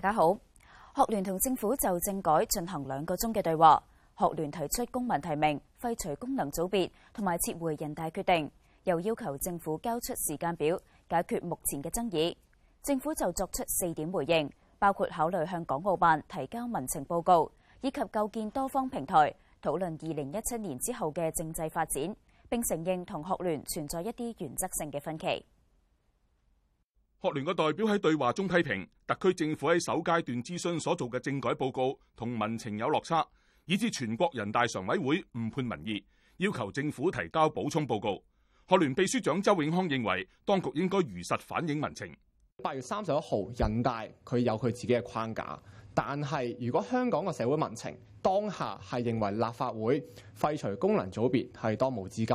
大家好，學聯同政府就政改進行兩個鐘嘅對話，學聯提出公民提名、廢除功能組別、同埋撤回人大決定，又要求政府交出時間表，解決目前嘅爭議。政府就作出四點回應，包括考慮向港澳辦提交民情報告，以及構建多方平台，討論二零一七年之後嘅政制發展，並承認同學聯存在一啲原則性嘅分歧。學聯嘅代表喺對話中批評特區政府喺首階段諮詢所做嘅政改報告同民情有落差，以致全國人大常委會誤判民意，要求政府提交補充報告。學聯秘書長周永康認為，當局應該如實反映民情。八月三十一號，人大佢有佢自己嘅框架，但係如果香港嘅社會民情當下係認為立法會廢除功能組別係當務之急。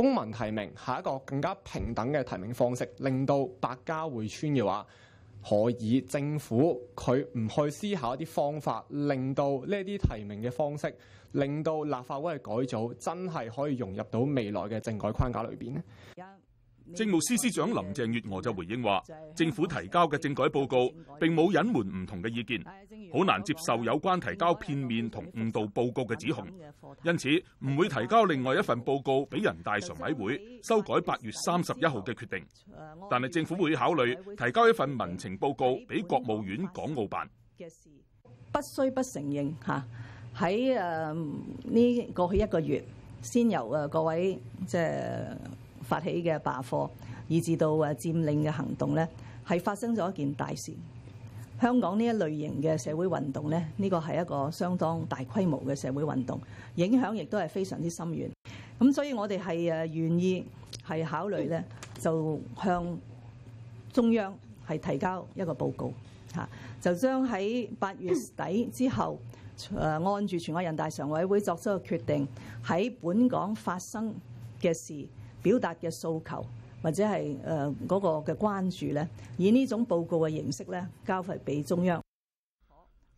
公民提名係一個更加平等嘅提名方式，令到百家匯村嘅話可以政府佢唔去思考一啲方法，令到呢啲提名嘅方式，令到立法會嘅改組真係可以融入到未來嘅政改框架裏邊。政務司司長林鄭月娥就回應話，政府提交嘅政改報告並冇隱瞞唔同嘅意見，好難接受有關提交片面同誤導報告嘅指控，因此唔會提交另外一份報告俾人大常委會修改八月三十一號嘅決定。但係政府會考慮提交一份民情報告俾國務院港澳辦。不需不承認吓，喺誒呢過去一個月先由誒各位即係。發起嘅罷課，以至到誒佔領嘅行動咧，係發生咗一件大事。香港呢一類型嘅社會運動咧，呢個係一個相當大規模嘅社會運動，影響亦都係非常之深遠，咁所以，我哋係誒願意係考慮咧，就向中央係提交一個報告吓，就將喺八月底之後誒按住全國人大常委會作出嘅決定，喺本港發生嘅事，表達嘅訴求或者係誒嗰個嘅關注咧，以呢種報告嘅形式咧，交付俾中央。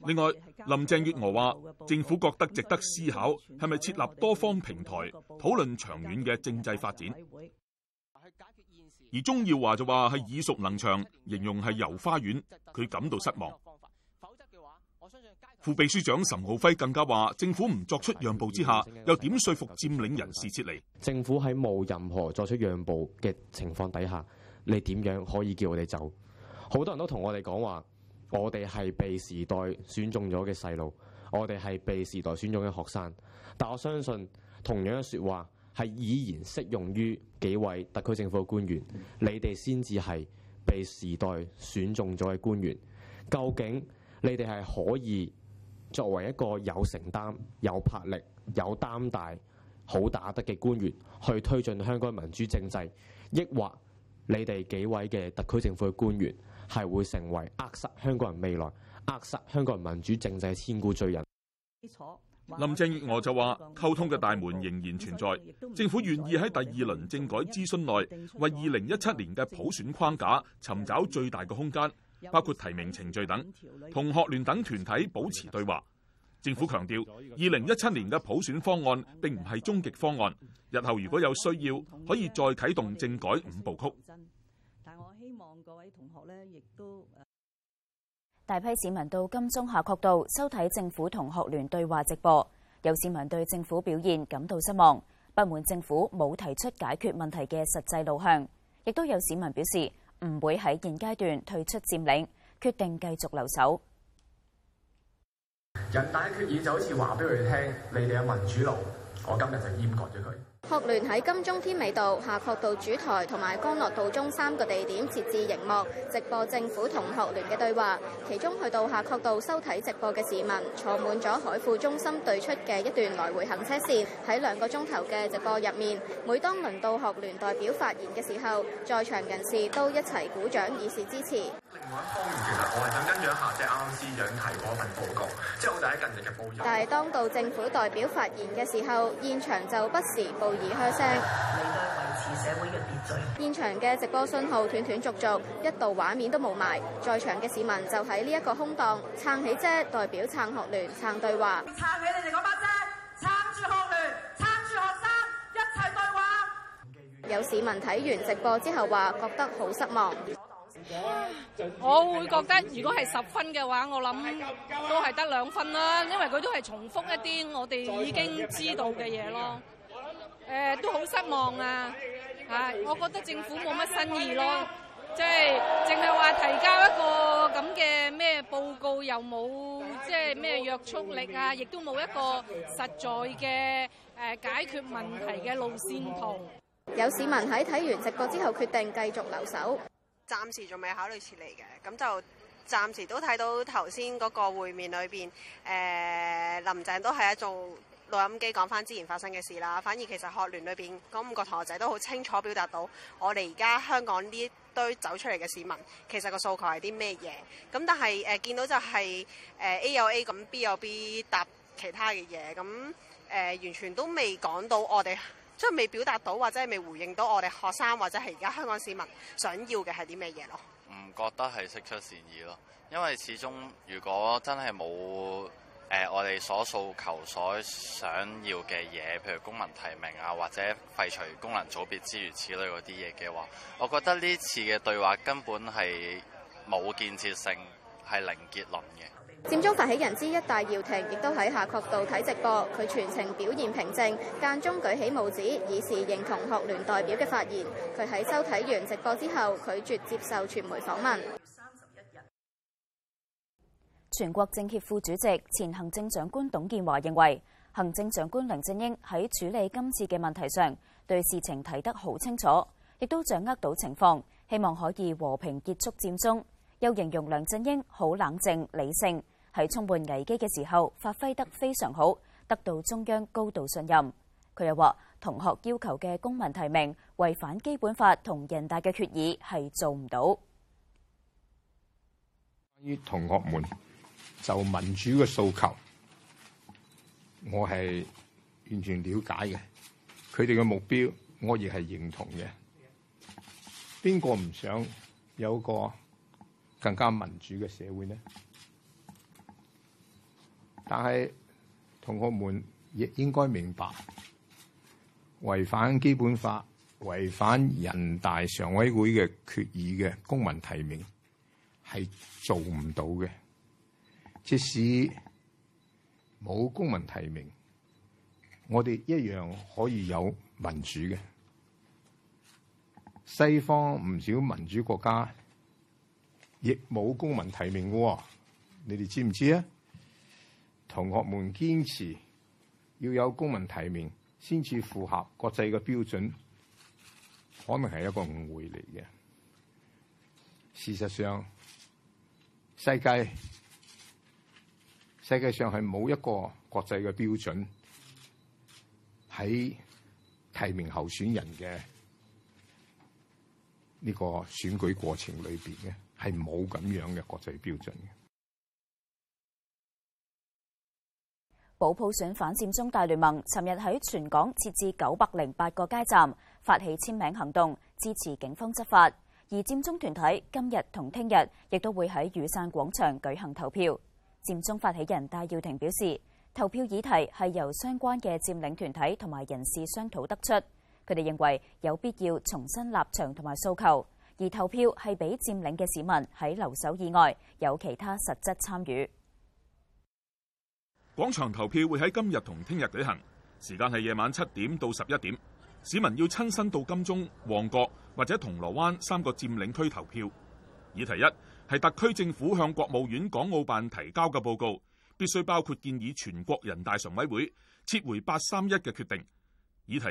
另外，林鄭月娥話政府覺得值得思考，係咪設立多方平台討論長遠嘅政制發展？而鍾耀華就話係耳熟能詳，形容係遊花園，佢感到失望。副秘書長岑敖暉更加話：政府唔作出讓步之下，又點說服佔領人士撤離？政府喺冇任何作出讓步嘅情況底下，你點樣可以叫我哋走？好多人都同我哋講話，我哋係被時代選中咗嘅細路，我哋係被時代選中嘅學生。但我相信同樣嘅說話係依然適用於幾位特區政府嘅官員。你哋先至係被時代選中咗嘅官員，究竟你哋係可以？作為一個有承擔、有魄力、有擔帶、好打得嘅官員，去推進香港民主政制，抑或你哋幾位嘅特區政府嘅官員，係會成為扼殺香港人未來、扼殺香港人民主政制嘅千古罪人？林鄭月娥就話：溝通嘅大門仍然存在，政府願意喺第二輪政改諮詢內，為二零一七年嘅普選框架尋找最大嘅空間。包括提名程序等，同學聯等團體保持對話。政府強調，二零一七年嘅普選方案並唔係終極方案，日後如果有需要，可以再啟動政改五步曲。但我希望各位同學咧，亦都大批市民到金鐘夏慤道收睇政府同學聯對話直播，有市民對政府表現感到失望，不滿政府冇提出解決問題嘅實際路向，亦都有市民表示。唔會喺現階段退出佔領，決定繼續留守。人大決議就好似話俾佢哋聽，你哋嘅民主路，我今日就閹割咗佢。學聯喺金鐘添美道、夏慤道主台同埋干諾道中三個地點設置熒幕，直播政府同學聯嘅對話。其中去到夏慤道收睇直播嘅市民，坐滿咗海富中心對出嘅一段來回行車線。喺兩個鐘頭嘅直播入面，每當輪到學聯代表發言嘅時候，在場人士都一齊鼓掌，以示支持。我係想跟養下即啱先養提嗰份報告，即係好大一近日嘅報。但係當到政府代表發言嘅時候，現場就不時報以噓聲。你哋維持社會秩序。現場嘅直播信號斷斷續續，一度畫面都冇埋，在場嘅市民就喺呢一個空檔撐起遮，代表撐學聯撐對話。撐起你哋嗰把遮，撐住學聯，撐住學，學生，一齊對話。有市民睇完直播之後話，覺得好失望。我會覺得，如果係十分嘅話，我諗都係得兩分啦，因為佢都係重複一啲我哋已經知道嘅嘢咯。誒，都好失望啊！嚇，我覺得政府冇乜新意咯，即係淨係話提交一個咁嘅咩報告，又冇即係咩約束力啊，亦都冇一個實在嘅誒解決問題嘅路線圖。有市民喺睇完直播之後，決定繼續留守。暫時仲未考慮撤離嘅，咁就暫時都睇到頭先嗰個會面裏邊，誒、呃、林鄭都係做錄音機講返之前發生嘅事啦。反而其實學聯裏邊嗰五個同學仔都好清楚表達到，我哋而家香港呢堆走出嚟嘅市民，其實個訴求係啲咩嘢。咁但係誒、呃、見到就係、是、誒、呃、A 有 A，咁 B 有 B 答其他嘅嘢，咁誒、呃、完全都未講到我哋。即係未表達到，或者係未回應到我哋學生或者係而家香港市民想要嘅係啲咩嘢咯？唔覺得係釋出善意咯，因為始終如果真係冇誒我哋所訴求所想要嘅嘢，譬如公民提名啊，或者廢除功能組別諸如此類嗰啲嘢嘅話，我覺得呢次嘅對話根本係冇建設性，係零結論嘅。佔中發起人之一戴耀廷亦都喺下角度睇直播，佢全程表現平靜，間中舉起拇指，以示認同學聯代表嘅發言。佢喺收睇完直播之後，拒絕接受傳媒訪問。全國政協副主席、前行政長官董建華認為，行政長官梁振英喺處理今次嘅問題上，對事情睇得好清楚，亦都掌握到情況，希望可以和平結束佔中。又形容梁振英好冷靜、理性。喺充滿危機嘅時候，發揮得非常好，得到中央高度信任。佢又話：同學要求嘅公民提名違反基本法同人大嘅決議，係做唔到。關於同學們就民主嘅訴求，我係完全了解嘅。佢哋嘅目標，我亦係認同嘅。邊個唔想有個更加民主嘅社會呢？但係，同學們亦應該明白，違反基本法、違反人大常委會嘅決議嘅公民提名係做唔到嘅。即使冇公民提名，我哋一樣可以有民主嘅。西方唔少民主國家亦冇公民提名嘅，你哋知唔知啊？同學們堅持要有公民提名先至符合國際嘅標準，可能係一個誤會嚟嘅。事實上世界世界上係冇一個國際嘅標準，喺提名候選人嘅呢個選舉過程裏邊嘅，係冇咁樣嘅國際標準嘅。保普選反佔中大聯盟，尋日喺全港設置九百零八個街站，發起簽名行動，支持警方執法。而佔中團體今日同聽日亦都會喺雨傘廣場舉行投票。佔中發起人戴耀廷表示，投票議題係由相關嘅佔領團體同埋人士商討得出。佢哋認為有必要重新立場同埋訴求，而投票係俾佔領嘅市民喺留守以外有其他實質參與。廣場投票會喺今日同聽日舉行，時間係夜晚七點到十一點。市民要親身到金鐘、旺角或者銅鑼灣三個佔領區投票。議題一係特區政府向國務院港澳辦提交嘅報告，必須包括建議全國人大常委會撤回八三一嘅決定。議題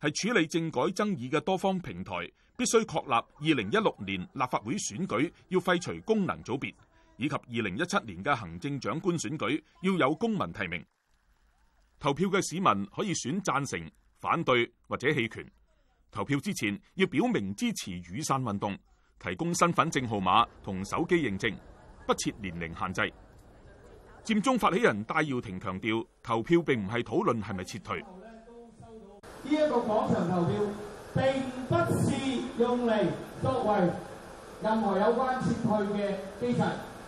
二係處理政改爭議嘅多方平台，必須確立二零一六年立法會選舉要廢除功能組別。以及二零一七年嘅行政長官選舉要有公民提名投票，嘅市民可以選贊成、反對或者棄權。投票之前要表明支持雨傘運動，提供身份證號碼同手機認證，不設年齡限制。佔中發起人戴耀廷強調，投票並唔係討論係咪撤退。呢一個廣場投票並不是用嚟作為任何有關撤退嘅基層。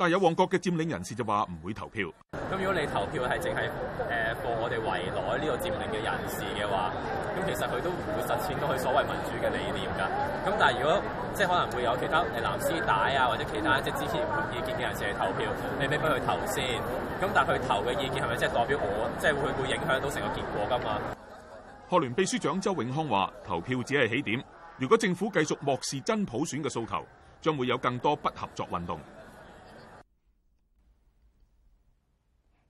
但係有旺角嘅佔領人士就話唔會投票。咁如果你投票係淨係誒過我哋圍內呢個佔領嘅人士嘅話，咁其實佢都唔會實踐到佢所謂民主嘅理念㗎。咁但係如果即係可能會有其他誒藍絲帶啊或者其他即係支持唔同意見嘅人士去投票，你咪畀佢投先。咁但係佢投嘅意見係咪即係代表我？即係會唔會影響到成個結果㗎嘛？學聯秘書長周永康話：投票只係起點，如果政府繼續漠視真普選嘅訴求，將會有更多不合作運動。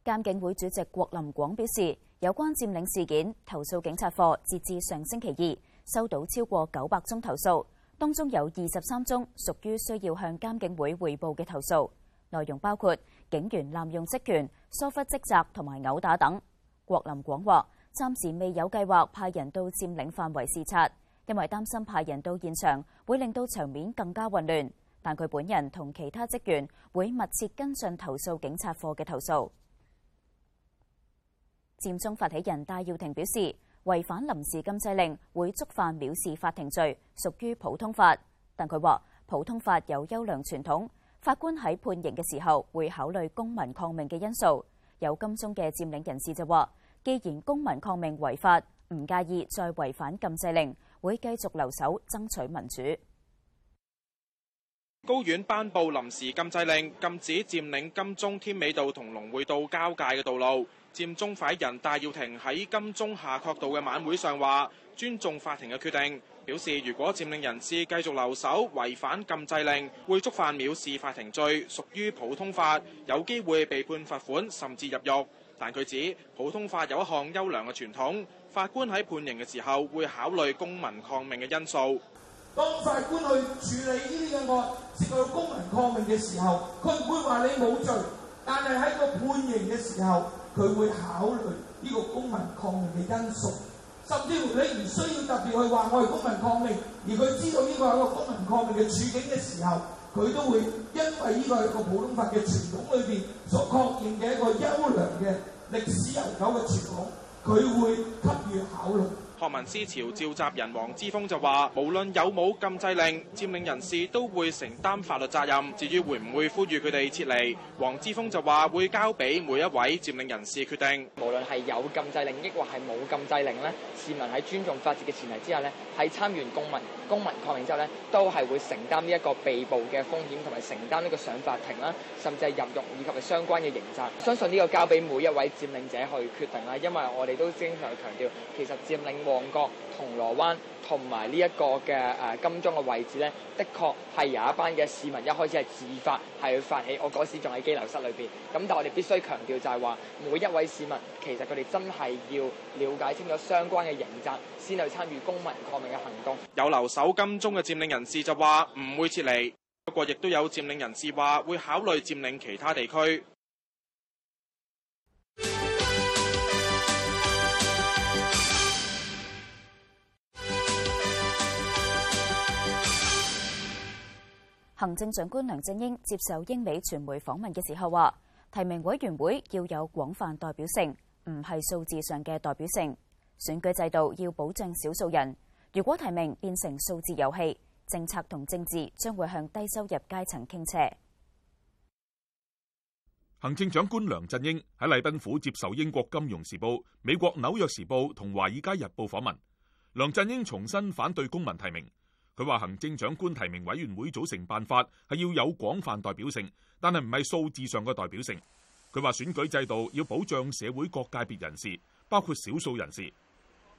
監警會主席郭林廣表示，有關佔領事件投訴警察課，截至上星期二收到超過九百宗投訴，當中有二十三宗屬於需要向監警會匯報嘅投訴，內容包括警員濫用職權、疏忽職責同埋毆打等。郭林廣話，暫時未有計劃派人到佔領範圍視察，因為擔心派人到現場會令到場面更加混亂。但佢本人同其他職員會密切跟進投訴警察課嘅投訴。佔中發起人戴耀廷表示，違反臨時禁制令會觸犯藐視法庭罪，屬於普通法。但佢話，普通法有優良傳統，法官喺判刑嘅時候會考慮公民抗命嘅因素。有金鐘嘅佔領人士就話，既然公民抗命違法，唔介意再違反禁制令，會繼續留守爭取民主。高院頒布臨時禁制令，禁止佔領金鐘天美道同龍匯道交界嘅道路。佔中壞人戴耀廷喺金鐘夏慤道嘅晚會上話，尊重法庭嘅決定，表示如果佔領人士繼續留守違反禁制令，會觸犯藐視法庭罪，屬於普通法，有機會被判罰款甚至入獄。但佢指普通法有一項優良嘅傳統，法官喺判刑嘅時候會考慮公民抗命嘅因素。當法官去處理呢啲嘅案涉及公民抗命嘅時候，佢唔會話你冇罪，但係喺個判刑嘅時候，佢會考慮呢個公民抗命嘅因素。甚至乎你唔需要特別去話我係公民抗命，而佢知道呢個係一個公民抗命嘅處境嘅時候，佢都會因為呢個係個普通法嘅傳統裏面所確認嘅一個優良嘅歷史悠久嘅傳統，佢會給予考慮。學民思潮召集人黃之鋒就話，無論有冇禁制令，佔領人士都會承擔法律責任。至於會唔會呼籲佢哋撤離，黃之鋒就話會交俾每一位佔領人士決定。無論係有禁制令抑或係冇禁制令呢，市民喺尊重法治嘅前提之下呢，喺參完公民公民抗命之後呢，都係會承擔呢一個被捕嘅風險，同埋承擔呢個上法庭啦，甚至係入獄以及係相關嘅刑責。相信呢個交俾每一位佔領者去決定啦，因為我哋都經常強調，其實佔領，旺角、銅鑼灣同埋呢一個嘅金鐘嘅位置呢，的確係有一班嘅市民一開始係自發係發起。我嗰時仲喺機樓室裏面咁，但係我哋必須強調就係話，每一位市民其實佢哋真係要了解清楚相關嘅刑責先去參與公民抗命嘅行動。有留守金鐘嘅佔領人士就話唔會撤離，不過亦都有佔領人士話會考慮佔領其他地區。行政長官梁振英接受英美傳媒訪問嘅時候話，提名委員會要有廣泛代表性，唔係數字上嘅代表性。選舉制度要保障少數人，如果提名變成數字遊戲，政策同政治將會向低收入階層傾斜。行政長官梁振英喺禮賓府接受英國金融時報、美國紐約時報同華爾街日報訪問，梁振英重新反對公民提名。佢話行政長官提名委員會組成辦法係要有廣泛代表性，但係唔係數字上嘅代表性。佢話選舉制度要保障社會各界別人士，包括少數人士。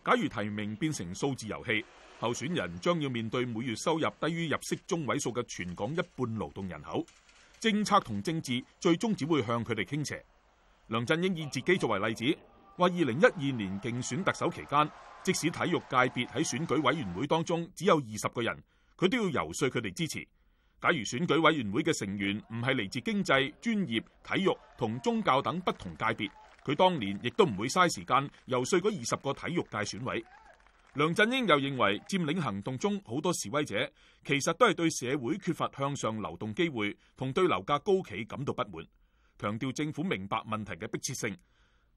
假如提名變成數字遊戲，候選人將要面對每月收入低於入息中位數嘅全港一半勞動人口。政策同政治最終只會向佢哋傾斜。梁振英以自己作為例子，話二零一二年競選特首期間。即使體育界別喺選舉委員會當中只有二十個人，佢都要游説佢哋支持。假如選舉委員會嘅成員唔係嚟自經濟、專業、體育同宗教等不同界別，佢當年亦都唔會嘥時間游説嗰二十個體育界選委。梁振英又認為，佔領行動中好多示威者其實都係對社會缺乏向上流動機會，同對樓價高企感到不滿，強調政府明白問題嘅迫切性。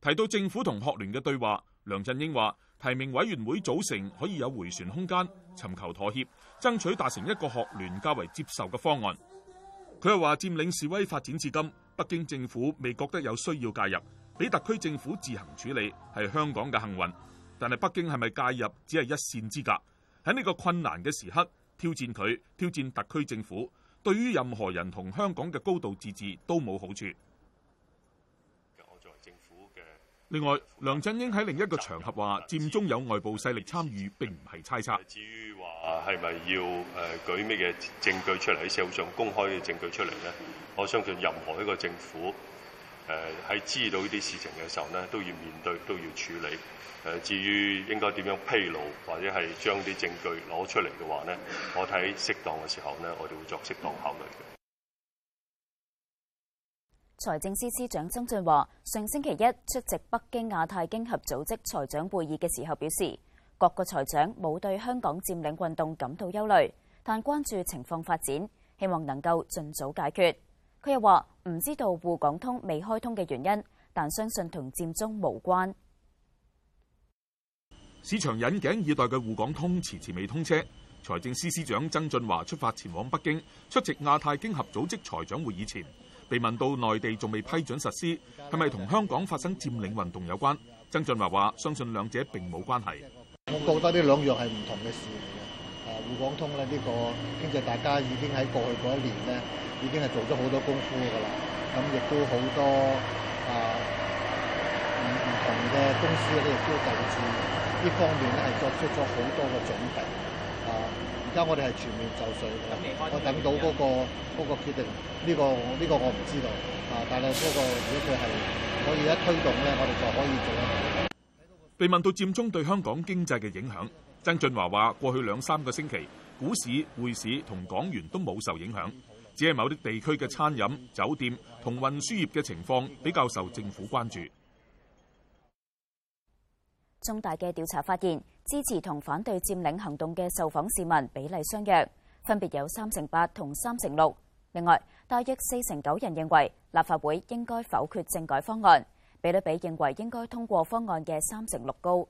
提到政府同學聯嘅對話，梁振英話：提名委員會組成可以有回旋空間，尋求妥協，爭取達成一個學聯較為接受嘅方案。佢又話佔領示威發展至今，北京政府未覺得有需要介入，俾特區政府自行處理係香港嘅幸運，但係北京係咪介入只係一綫之隔？喺呢個困難嘅時刻挑戰佢，挑戰特區政府，對於任何人同香港嘅高度自治都冇好處。另外，梁振英喺另一個場合話佔中有外部勢力參與並唔係猜測，至於話係咪要誒舉咩嘅證據出嚟，喺社會上公開嘅證據出嚟咧，我相信任何一個政府誒喺知道呢啲事情嘅時候咧，都要面對，都要處理。誒至於應該點樣披露，或者係將啲證據攞出嚟嘅話咧，我睇適當嘅時候咧，我哋會作適當考慮嘅。財政司司長曾俊華上星期一出席北京亞太經合組織財長會議嘅時候表示，各個財長冇對香港佔領運動感到憂慮，但關注情況發展，希望能夠盡早解決。佢又話唔知道滬港通未開通嘅原因，但相信同佔中無關。市場引頸以待嘅滬港通遲遲未通車，財政司司長曾俊華出發前往北京出席亞太經合組織財長會議前。被問到內地仲未批准實施，係咪同香港發生佔領運動有關？曾俊華話：相信兩者並冇關係。我覺得呢兩樣係唔同嘅事嚟嘅。誒、啊，滬港通咧呢、呢個經濟大家已經喺過去嗰一年咧，已經係做咗好多功夫㗎啦。咁亦都好多誒唔同嘅公司咧亦都就住呢方面咧係作出咗好多嘅準備。誒、啊。而家我哋係全面就緒，我等到嗰、那個嗰、那個、決定，呢、這個呢、這個我唔知道，啊，但係嗰、那個如果佢係可以一推動咧，我哋就可以做啊。被問到佔中對香港經濟嘅影響，曾俊華話：過去兩三個星期，股市、匯市同港元都冇受影響，只係某啲地區嘅餐飲、酒店同運輸業嘅情況比較受政府關注。中大嘅調查發現。支持同反對佔領行動嘅受訪市民比例相若，分別有三成八同三成六。另外，大約四成九人認為立法會應該否決政改方案，比率比認為應該通過方案嘅三成六高。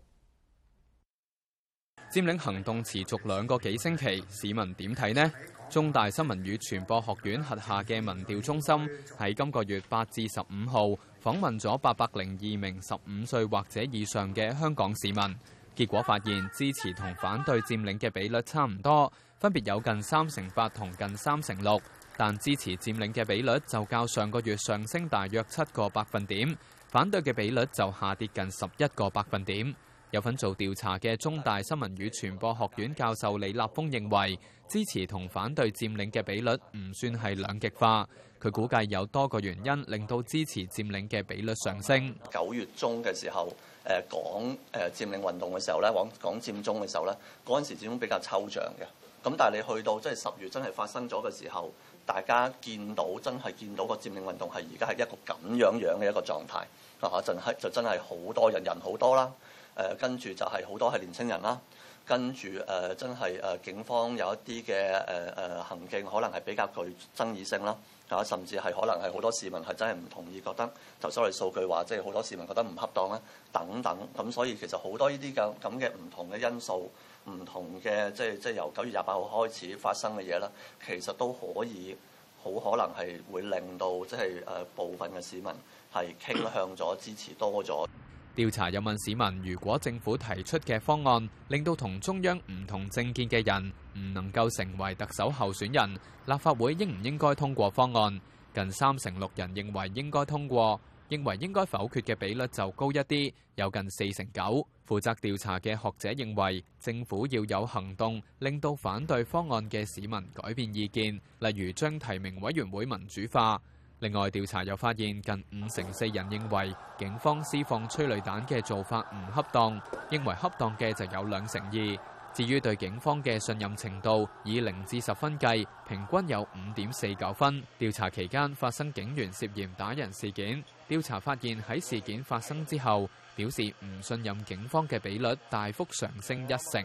佔領行動持續兩個幾星期，市民點睇呢？中大新聞與傳播學院轄下嘅民調中心喺今個月八至十五號訪問咗八百零二名十五歲或者以上嘅香港市民。結果發現，支持同反對佔領嘅比率差唔多，分別有近三成八同近三成六。但支持佔領嘅比率就較上個月上升大約七個百分點，反對嘅比率就下跌近十一個百分點。有份做調查嘅中大新聞與傳播學院教授李立峯認為，支持同反對佔領嘅比率唔算係兩極化。佢估計有多個原因令到支持佔領嘅比率上升。九月中嘅時候。誒講誒佔領運動嘅時候咧，講講佔中嘅時候咧，嗰陣時佔中比較抽象嘅，咁但係你去到即係十月真係發生咗嘅時候，大家見到真係見到個佔領運動係而家係一個咁樣樣嘅一個狀態，啊嚇，就就真係好多人，人好多啦，誒跟住就係好多係年輕人啦，跟住誒真係誒警方有一啲嘅誒誒行徑可能係比較具爭議性啦。甚至係可能係好多市民係真係唔同意，覺得頭先我哋數據話，即係好多市民覺得唔恰當啦，等等。咁所以其實好多呢啲咁咁嘅唔同嘅因素、唔同嘅即係即係由九月廿八號開始發生嘅嘢啦，其實都可以好可能係會令到即係誒部分嘅市民係傾向咗支持多咗。調查又問市民，如果政府提出嘅方案令到同中央唔同政見嘅人，唔能夠成為特首候選人，立法會應唔應該通過方案？近三成六人認為應該通過，認為應該否決嘅比率就高一啲，有近四成九。負責調查嘅學者認為，政府要有行動，令到反對方案嘅市民改變意見，例如將提名委員會民主化。另外，調查又發現，近五成四人認為警方施放催淚彈嘅做法唔恰當，認為恰當嘅就有兩成二。至於對警方嘅信任程度，以零至十分計，平均有五點四九分。調查期間發生警員涉嫌打人事件，調查發現喺事件發生之後，表示唔信任警方嘅比率大幅上升一成。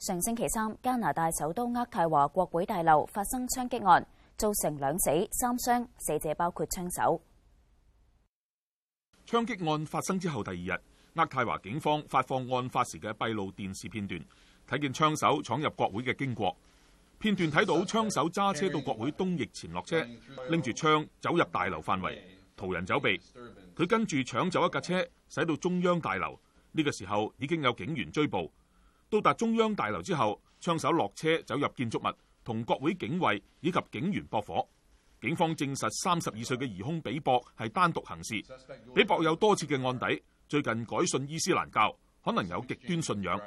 上星期三，加拿大首都渥太華國會大樓發生槍擊案，造成兩死三傷，死者包括槍手。槍擊案發生之後第二日，厄太華警方發放案發時嘅閉路電視片段，睇見槍手闖入國會嘅經過。片段睇到槍手揸車到國會東翼前落車，拎住槍走入大樓範圍，途人走避。佢跟住搶走一架車，駛到中央大樓。呢、這個時候已經有警員追捕。到達中央大樓之後，槍手落車走入建築物，同國會警衛以及警員駁火。警方證實三十二歲嘅疑凶比博係單獨行事，比博有多次嘅案底。最近改信伊斯蘭教，可能有極端信仰。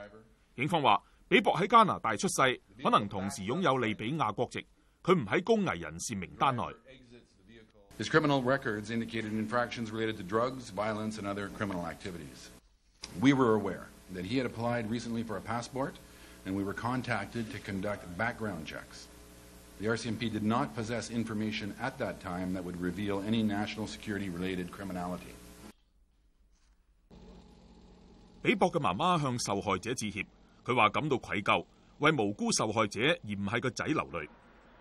警方話，比博喺加拿大出世，可能同時擁有利比亞國籍。佢唔喺高危人士名單內。比博嘅媽媽向受害者致歉，佢話感到愧疚，為無辜受害者而唔係個仔流淚。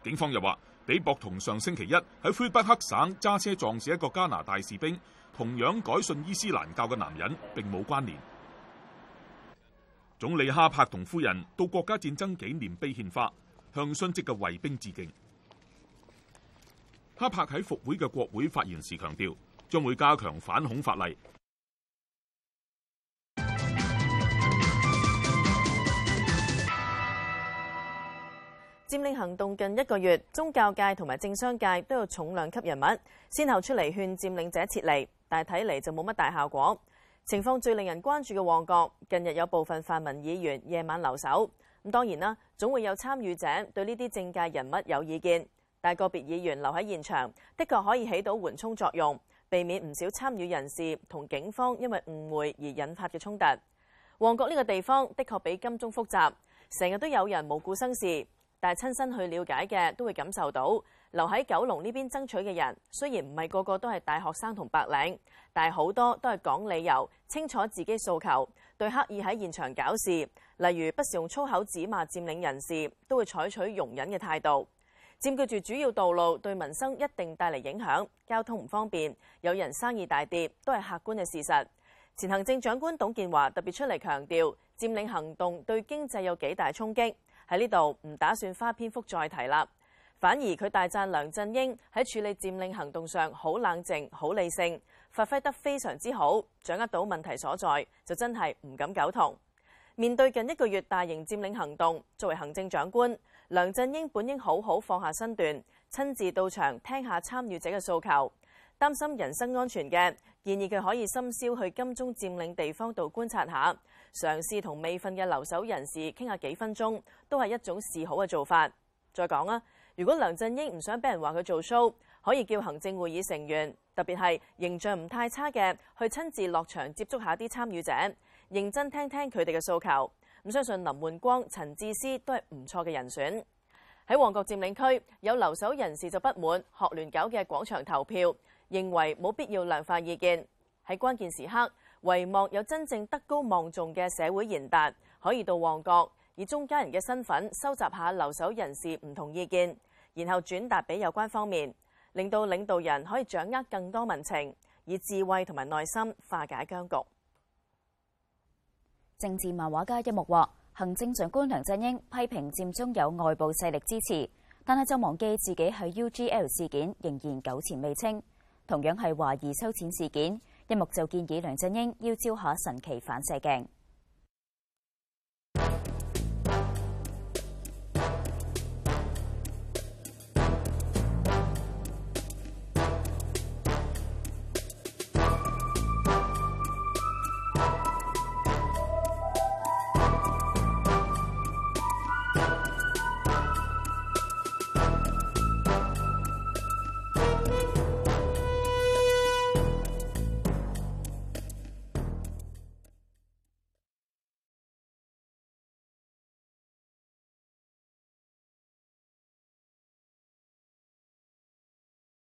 警方又話，比博同上星期一喺魁北克省揸車撞死一個加拿大士兵，同樣改信伊斯蘭教嘅男人，並冇關聯。總理哈珀同夫人到國家戰爭紀念碑獻花，向殉職嘅衛兵致敬。哈珀喺復會嘅國會發言時強調，將會加強反恐法例。佔領行動近一個月，宗教界同埋政商界都有重量級人物，先後出嚟勸佔領者撤離，但係睇嚟就冇乜大效果。情況最令人關注嘅旺角，近日有部分泛民議員夜晚留守。咁當然啦，總會有參與者對呢啲政界人物有意見，但個別議員留喺現場，的確可以起到緩衝作用，避免唔少參與人士同警方因為誤會而引發嘅衝突。旺角呢個地方的確比金鐘複雜，成日都有人無故生事。但係親身去了解嘅都會感受到，留喺九龍呢邊爭取嘅人雖然唔係個個都係大學生同白領，但係好多都係講理由，清楚自己訴求，對刻意喺現場搞事，例如不時用粗口指罵佔領人士，都會採取容忍嘅態度。佔據住主要道路，對民生一定帶嚟影響，交通唔方便，有人生意大跌，都係客觀嘅事實。前行政長官董建華特別出嚟強調，佔領行動對經濟有幾大衝擊。喺呢度唔打算花篇幅再提啦，反而佢大讚梁振英喺處理佔領行動上好冷靜、好理性，發揮得非常之好，掌握到問題所在，就真係唔敢苟同。面對近一個月大型佔領行動，作為行政長官，梁振英本應好好放下身段，親自到場聽下參與者嘅訴求。擔心人身安全嘅建議佢可以深宵去金鐘佔領地方度觀察下。嘗試同未瞓嘅留守人士傾下幾分鐘，都係一種示好嘅做法。再講啊，如果梁振英唔想俾人話佢做 show，可以叫行政會議成員，特別係形象唔太差嘅，去親自落場接觸一下啲參與者，認真聽聽佢哋嘅訴求。咁相信林煥光、陳智思都係唔錯嘅人選。喺旺角佔領區，有留守人士就不滿學聯搞嘅廣場投票，認為冇必要量化意見。喺關鍵時刻。唯望有真正德高望重嘅社會賢達可以到旺角，以中間人嘅身份收集下留守人士唔同意見，然後轉達俾有關方面，令到領導人可以掌握更多民情，以智慧同埋耐心化解僵局。政治漫畫家一木話，行政長官梁振英批評佔中有外部勢力支持，但係就忘記自己喺 UGL 事件仍然糾纏未清，同樣係懷疑收錢事件。一幕就建議梁振英要照下神奇反射鏡。